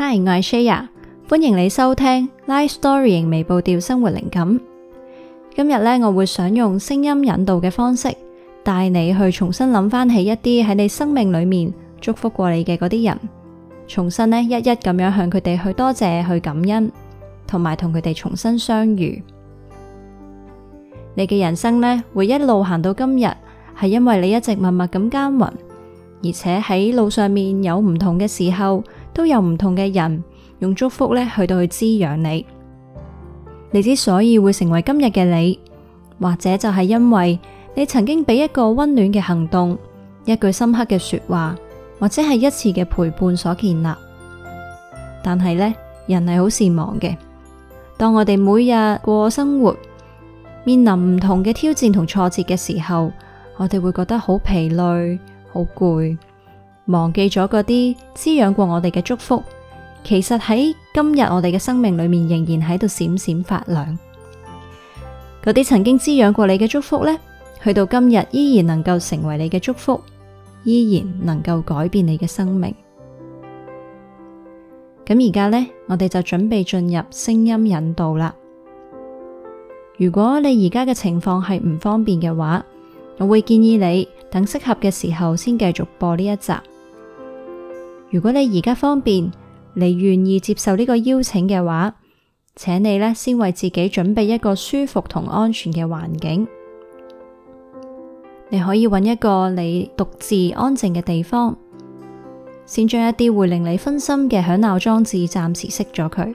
Hi，我係 Shaya，歡迎你收聽 Life Story 微步調生活靈感。今日咧，我會想用聲音引導嘅方式，帶你去重新諗翻起一啲喺你生命裏面祝福過你嘅嗰啲人，重新咧一一咁樣向佢哋去多謝、去感恩，同埋同佢哋重新相遇。你嘅人生咧會一路行到今日，係因為你一直默默咁耕耘，而且喺路上面有唔同嘅時候。都有唔同嘅人用祝福呢去到去滋養你。你之所以會成為今日嘅你，或者就係因為你曾經俾一個溫暖嘅行動、一句深刻嘅說話，或者係一次嘅陪伴所建立。但係呢，人係好善忘嘅。當我哋每日過生活，面臨唔同嘅挑戰同挫折嘅時候，我哋會覺得好疲累、好攰。忘記咗嗰啲滋養過我哋嘅祝福，其實喺今日我哋嘅生命裏面，仍然喺度閃閃發亮。嗰啲曾經滋養過你嘅祝福呢，去到今日依然能夠成為你嘅祝福，依然能夠改變你嘅生命。咁而家呢，我哋就準備進入聲音引導啦。如果你而家嘅情況係唔方便嘅話，我會建議你等適合嘅時候先繼續播呢一集。如果你而家方便，你願意接受呢個邀請嘅話，請你呢先為自己準備一個舒服同安全嘅環境。你可以揾一個你獨自安靜嘅地方，先將一啲會令你分心嘅響鬧裝置暫時熄咗佢，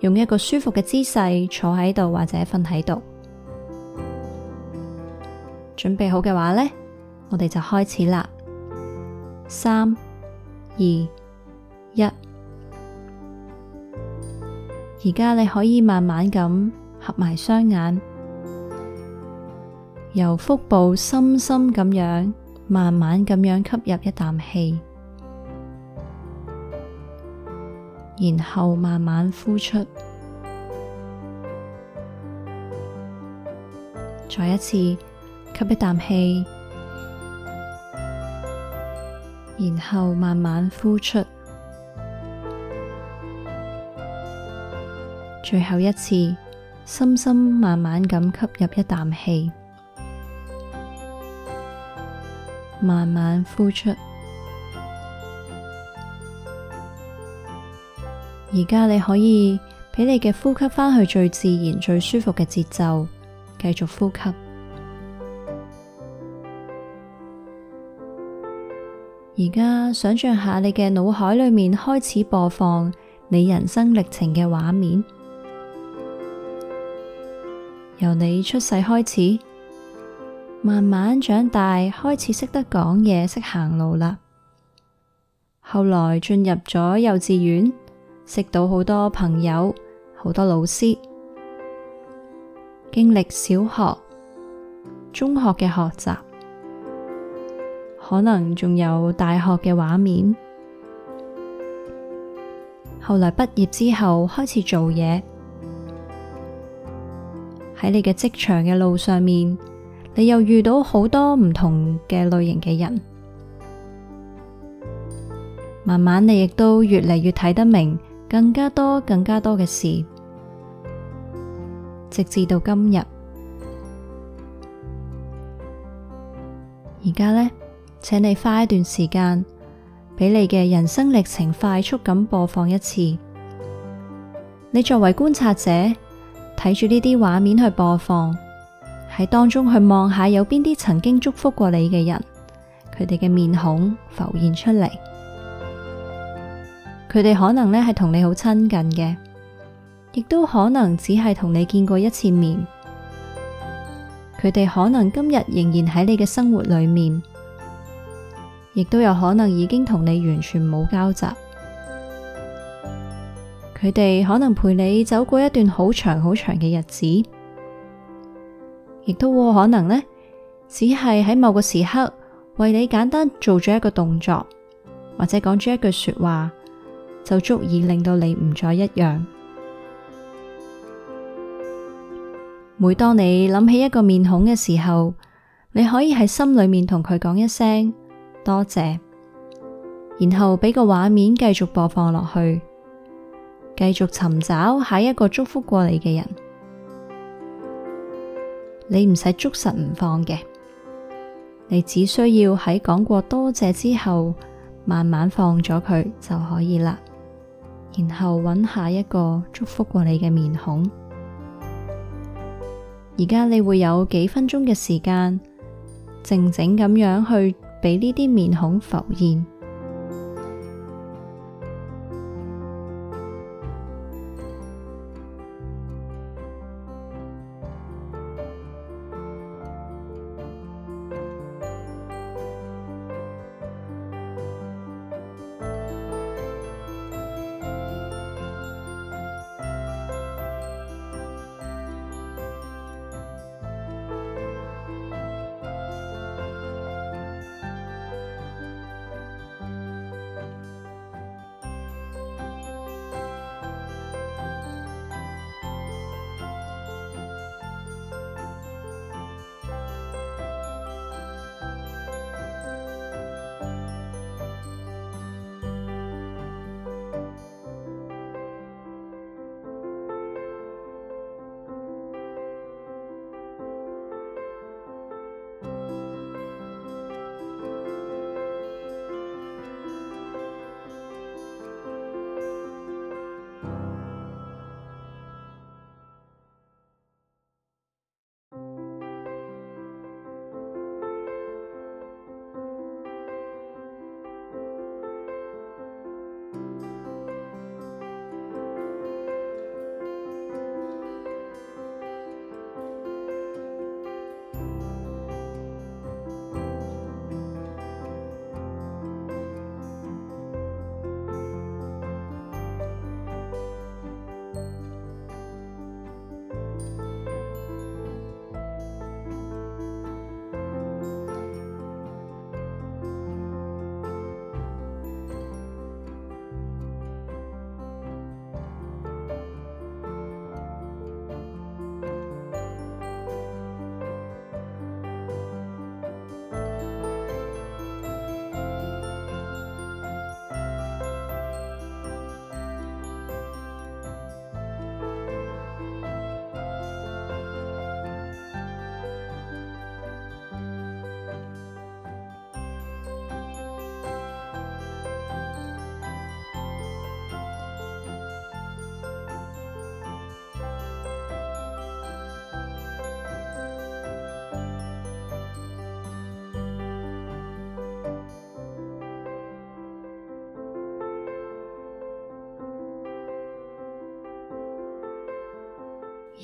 用一個舒服嘅姿勢坐喺度或者瞓喺度。準備好嘅話呢，我哋就開始啦。三。二一，而家你可以慢慢咁合埋雙眼，由腹部深深咁樣，慢慢咁樣吸入一啖氣，然後慢慢呼出，再一次吸一啖氣。然後慢慢呼出，最後一次深深慢慢咁吸入一啖氣，慢慢呼出。而家你可以畀你嘅呼吸返去最自然、最舒服嘅節奏，繼續呼吸。而家想象下，你嘅腦海裏面開始播放你人生歷程嘅畫面，由你出世開始，慢慢長大，開始識得講嘢，識行路啦。後來進入咗幼稚園，識到好多朋友，好多老師，經歷小學、中學嘅學習。可能仲有大學嘅畫面，後來畢業之後開始做嘢，喺你嘅職場嘅路上面，你又遇到好多唔同嘅類型嘅人，慢慢你亦都越嚟越睇得明更加多更加多嘅事，直至到今日，而家呢。請你花一段時間，俾你嘅人生歷程快速咁播放一次。你作為觀察者，睇住呢啲畫面去播放，喺當中去望下有邊啲曾經祝福過你嘅人，佢哋嘅面孔浮現出嚟。佢哋可能呢係同你好親近嘅，亦都可能只係同你見過一次面。佢哋可能今日仍然喺你嘅生活裏面。亦都有可能已經同你完全冇交集，佢哋可能陪你走過一段好長好長嘅日子，亦都會可能呢，只係喺某個時刻為你簡單做咗一個動作，或者講咗一句說話，就足以令到你唔再一樣。每當你諗起一個面孔嘅時候，你可以喺心裏面同佢講一聲。多謝，然後畀個畫面繼續播放落去，繼續尋找下一個祝福過你嘅人。你唔使捉實唔放嘅，你只需要喺講過多謝之後，慢慢放咗佢就可以啦。然後揾下一個祝福過你嘅面孔。而家你會有幾分鐘嘅時間，靜靜咁樣去。俾呢啲面孔浮現。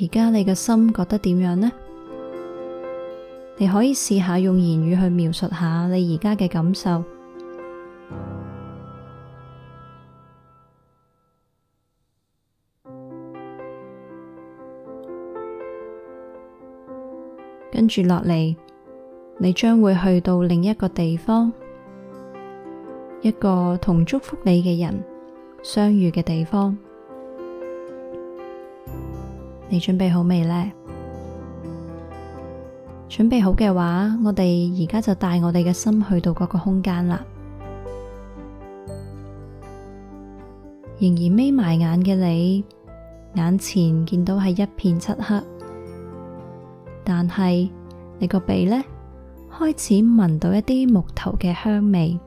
而家你嘅心覺得點樣呢？你可以試下用言語去描述下你而家嘅感受。跟住落嚟，你將會去到另一個地方，一個同祝福你嘅人相遇嘅地方。你準備好未呢？準備好嘅話，我哋而家就帶我哋嘅心去到嗰個空間啦。仍然眯埋眼嘅你，眼前見到係一片漆黑，但係你個鼻呢，開始聞到一啲木頭嘅香味。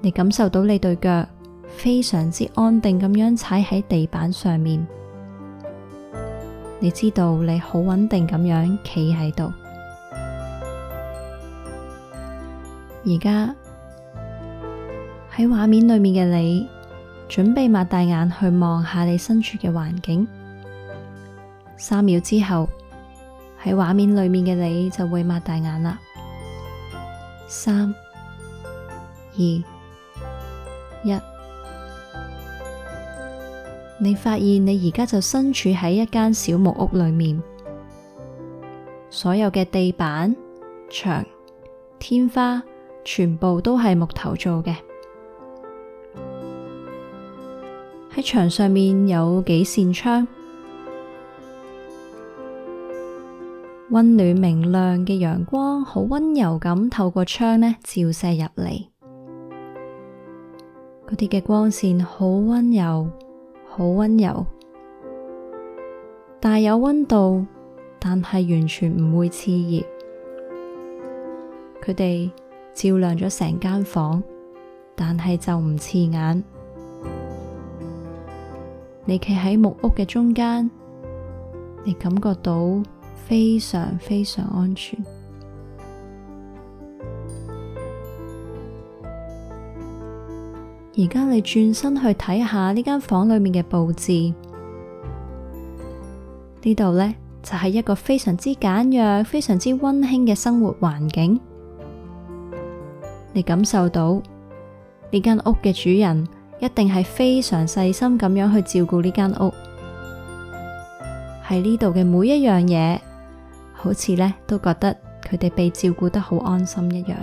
你感受到你對腳。非常之安定咁樣踩喺地板上面，你知道你好穩定咁樣企喺度。而家喺畫面裏面嘅你，準備擘大眼去望下你身處嘅環境。三秒之後，喺畫面裏面嘅你就會擘大眼啦。三、二、一。你發現你而家就身處喺一間小木屋裏面，所有嘅地板、牆、天花全部都係木頭做嘅。喺牆上面有幾扇窗，溫暖明亮嘅陽光好溫柔咁透過窗呢照射入嚟，嗰啲嘅光綫好溫柔。好溫柔，大有溫度，但係完全唔會刺熱。佢哋照亮咗成間房，但係就唔刺眼。你企喺木屋嘅中間，你感覺到非常非常安全。而家你轉身去睇下呢間房裏面嘅布置，呢度呢，就係一個非常之簡約、非常之溫馨嘅生活環境。你感受到呢間屋嘅主人一定係非常細心咁樣去照顧呢間屋，喺呢度嘅每一樣嘢，好似呢都覺得佢哋被照顧得好安心一樣。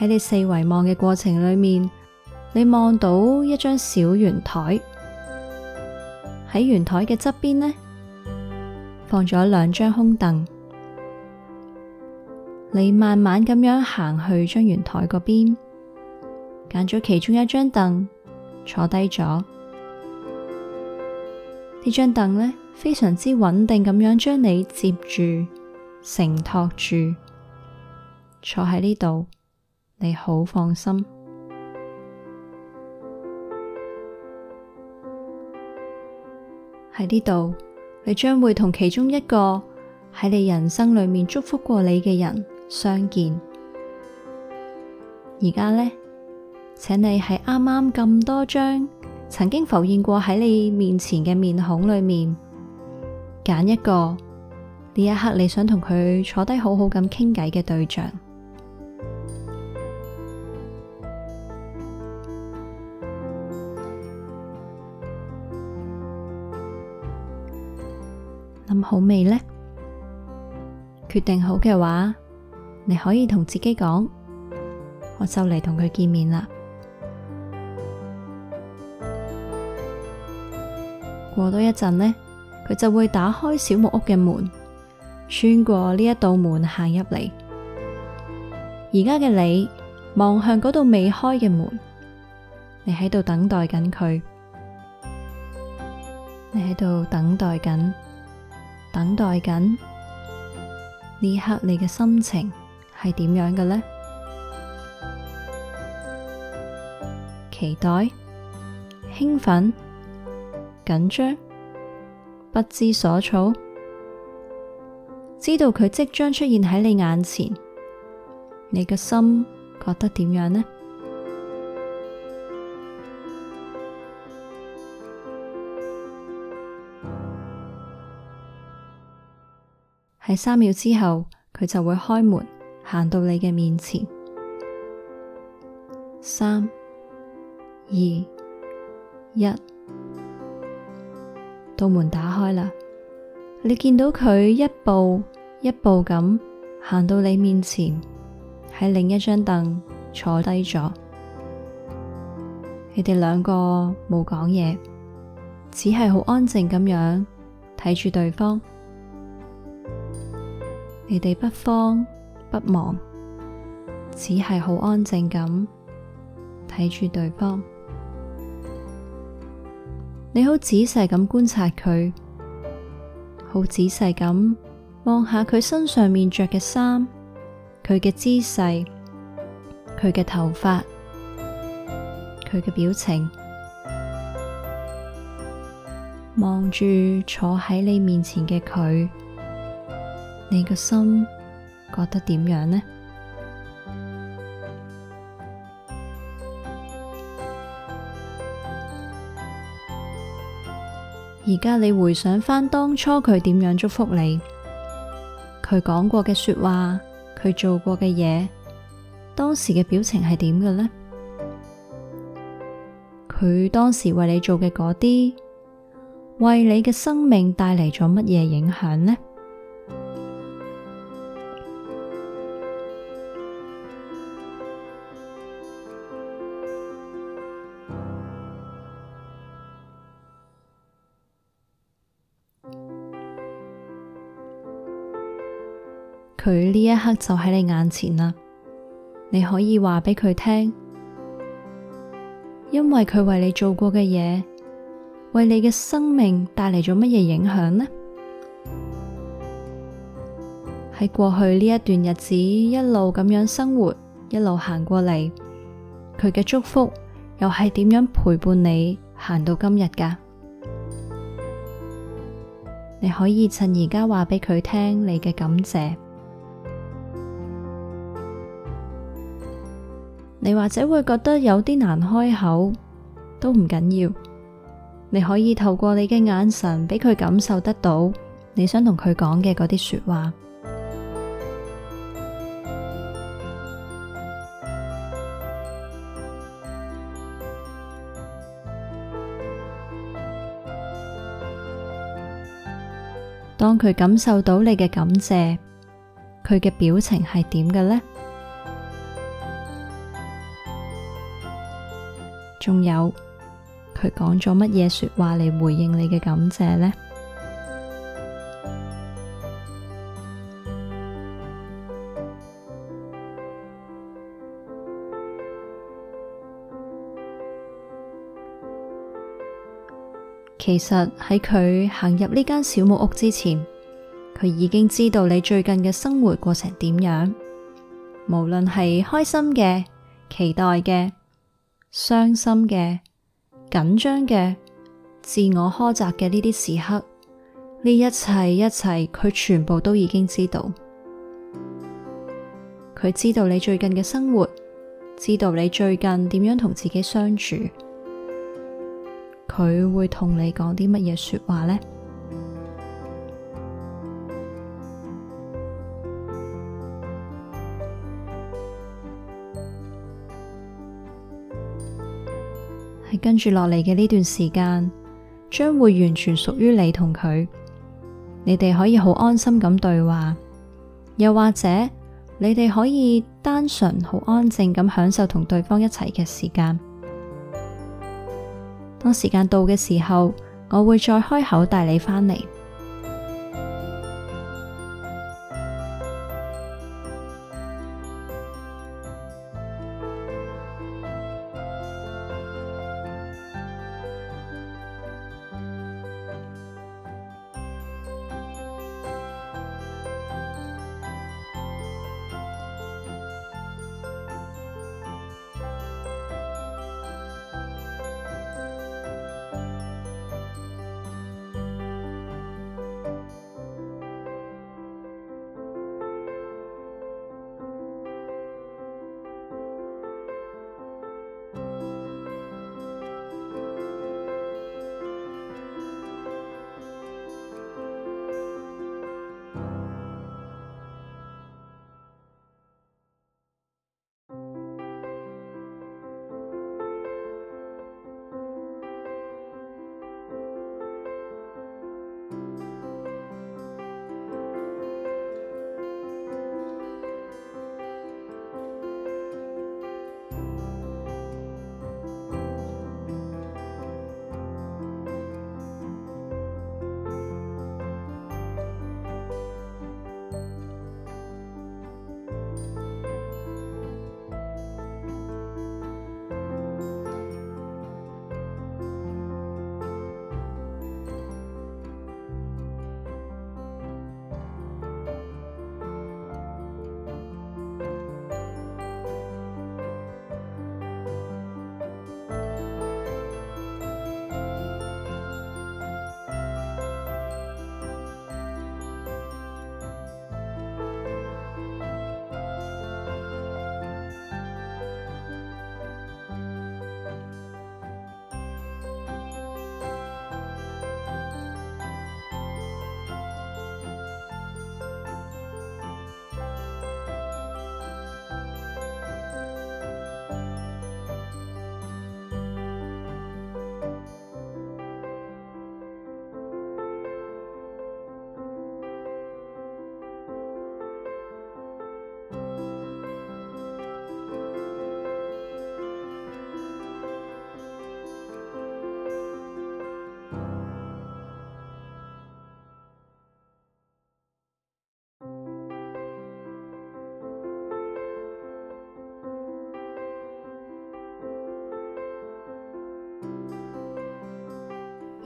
喺你四圍望嘅過程裏面，你望到一張小圓台，喺圓台嘅側邊呢，放咗兩張空凳。你慢慢咁樣行去張圓台嗰邊，揀咗其中一張凳坐低咗。呢張凳呢，非常之穩定咁樣將你接住承托住，坐喺呢度。你好放心，喺呢度，你將會同其中一個喺你人生裏面祝福過你嘅人相見。而家呢，請你喺啱啱咁多張曾經浮現過喺你面前嘅面孔裏面，揀一個呢一刻你想同佢坐低好好咁傾偈嘅對象。諗好未呢？決定好嘅話，你可以同自己講：我就嚟同佢見面啦。過多一陣呢，佢就會打開小木屋嘅門，穿過呢一道門行入嚟。而家嘅你望向嗰度未開嘅門，你喺度等待緊佢，你喺度等待緊。等待緊呢刻，你嘅心情係點樣嘅呢？期待、興奮、緊張、不知所措，知道佢即將出現喺你眼前，你嘅心覺得點樣呢？喺三秒之後，佢就會開門，行到你嘅面前。三、二、一，到門打開啦。你見到佢一步一步咁行到你面前，喺另一張凳坐低咗。你哋兩個冇講嘢，只係好安靜咁樣睇住對方。你哋不慌不忙，只係好安靜咁睇住對方。你好仔細咁觀察佢，好仔細咁望下佢身上面着嘅衫，佢嘅姿勢，佢嘅頭髮，佢嘅表情，望住坐喺你面前嘅佢。你個心覺得點樣呢？而家你回想翻當初佢點樣祝福你，佢講過嘅說話，佢做過嘅嘢，當時嘅表情係點嘅呢？佢當時為你做嘅嗰啲，為你嘅生命帶嚟咗乜嘢影響呢？佢呢一刻就喺你眼前啦，你可以話俾佢聽，因為佢為你做過嘅嘢，為你嘅生命帶嚟咗乜嘢影響呢？喺過去呢一段日子，一路咁樣生活，一路行過嚟，佢嘅祝福又係點樣陪伴你行到今日噶？你可以趁而家話俾佢聽你嘅感謝。你或者會覺得有啲難開口，都唔緊要。你可以透過你嘅眼神，畀佢感受得到你想同佢講嘅嗰啲說話。 當佢感受到你嘅感謝，佢嘅表情係點嘅呢？仲有佢講咗乜嘢說話嚟回應你嘅感謝呢？其實喺佢行入呢間小木屋之前，佢已經知道你最近嘅生活過程點樣，無論係開心嘅、期待嘅。傷心嘅、緊張嘅、自我苛責嘅呢啲時刻，呢一切一切，佢全部都已經知道。佢知道你最近嘅生活，知道你最近點樣同自己相處，佢會同你講啲乜嘢說話呢？喺跟住落嚟嘅呢段時間，將會完全屬於你同佢。你哋可以好安心咁對話，又或者你哋可以單純好安靜咁享受同對方一齊嘅時間。當時間到嘅時候，我會再開口帶你返嚟。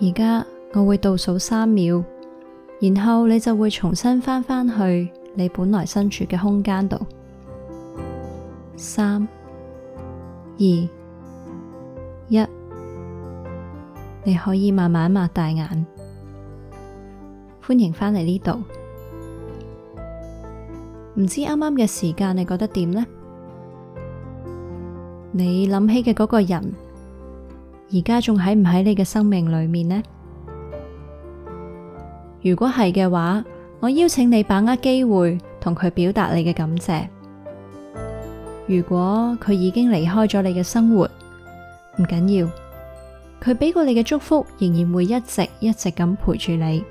而家我會倒數三秒，然後你就會重新翻返去你本來身處嘅空間度。三、二、一，你可以慢慢擘大眼，歡迎返嚟呢度。唔知啱啱嘅時間，你覺得點呢？你諗起嘅嗰個人。而家仲喺唔喺你嘅生命裏面呢？如果係嘅話，我邀請你把握機會，同佢表達你嘅感謝。如果佢已經離開咗你嘅生活，唔緊要，佢俾過你嘅祝福，仍然會一直一直咁陪住你。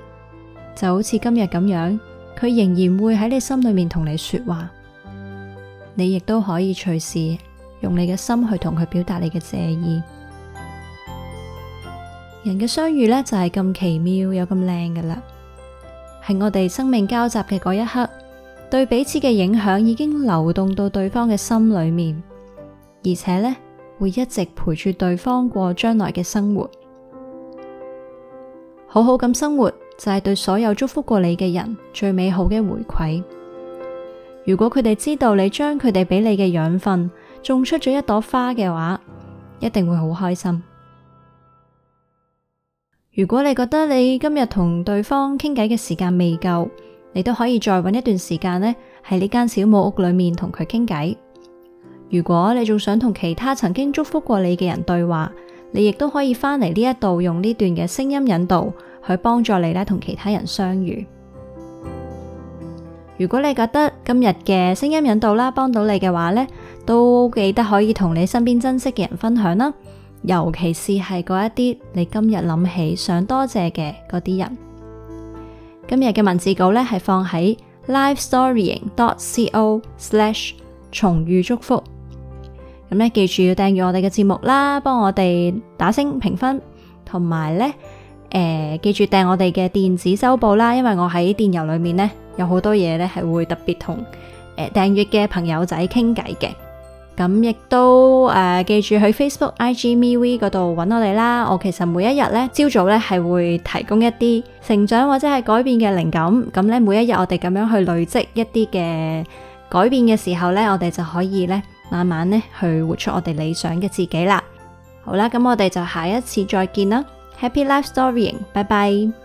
就好似今日咁樣，佢仍然會喺你心裏面同你說話，你亦都可以隨時用你嘅心去同佢表達你嘅謝意。人嘅相遇呢，就係咁奇妙，有咁靚噶啦，喺我哋生命交集嘅嗰一刻，對彼此嘅影響已經流動到對方嘅心裏面，而且呢，會一直陪住對方過將來嘅生活。好好咁生活就係對所有祝福過你嘅人最美好嘅回饋。如果佢哋知道你將佢哋俾你嘅養分種出咗一朵花嘅話，一定會好開心。如果你覺得你今日同對方傾偈嘅時間未夠，你都可以再搵一段時間呢，喺呢間小木屋裏面同佢傾偈。如果你仲想同其他曾經祝福過你嘅人對話，你亦都可以翻嚟呢一度用呢段嘅聲音引導去幫助你呢同其他人相遇。如果你覺得今日嘅聲音引導啦幫到你嘅話呢，都記得可以同你身邊珍惜嘅人分享啦。尤其是係嗰一啲你今日諗起想多謝嘅嗰啲人，今日嘅文字稿呢，係放喺 lifestorying.co/slash 重遇祝福。咁呢，記住要訂閱我哋嘅節目啦，幫我哋打星評分，同埋呢，誒、呃，記住訂閱我哋嘅電子周報啦，因為我喺電郵裏面呢，有好多嘢呢係會特別同誒、呃、訂閱嘅朋友仔傾偈嘅。咁亦都誒、呃，記住去 Facebook、IG、MeWe 嗰度搵我哋啦。我其實每一日呢，朝早呢係會提供一啲成長或者係改變嘅靈感。咁呢，每一日我哋咁樣去累積一啲嘅改變嘅時候呢，我哋就可以呢，慢慢呢去活出我哋理想嘅自己啦。好啦，咁我哋就下一次再見啦。Happy life storying，拜拜。